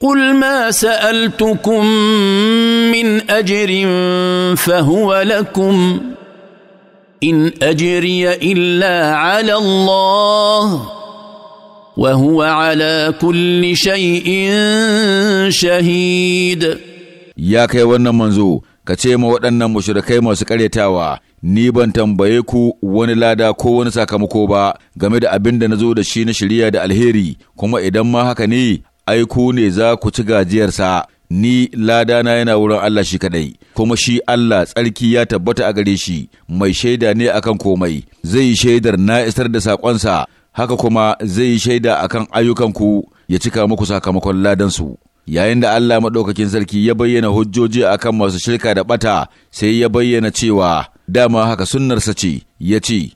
قل ما سالتكم من اجر فهو لكم ان اجري الا على الله وهو على كل شيء شهيد يا kai wannan manzo ka ce ma waɗannan mushrikai masu ƙaryatawa ni ban tambaye ku wani lada ko wani sakamako ba game da abin da na zo da shi na shirya da alheri kuma idan ma haka ne ai ku ne za ku ci gajiyarsa ni ladana yana wurin Allah shi kadai kuma shi Allah tsarki ya tabbata a gare shi mai shaida ne akan komai zai yi shaidar na isar da saƙonsa haka kuma zai yi shaida akan ayyukanku ya cika muku sakamakon ladansu yayin da Allah maɗaukakin sarki ya bayyana hujjoji akan masu shirka da ɓata sai ya bayyana cewa dama haka sunnarsa ce ya ce